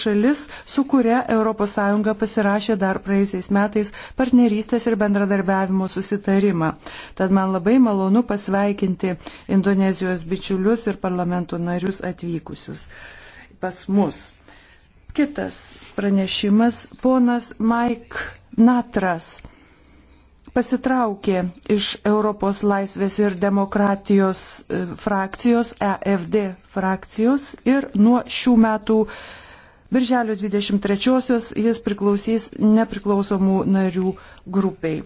šalis, su kuria ES pasirašė dar praėjusiais metais partnerystės ir bendradarbiavimo susitarimą. Tad man labai malonu pasveikinti Indonezijos bičiulius ir parlamento narius atvykusius pas mus. Kitas pranešimas, ponas Mike Natras pasitraukė iš Europos laisvės ir demokratijos e, frakcijos, EFD frakcijos ir nuo šių metų Birželio 23-osios jis priklausys nepriklausomų narių grupiai.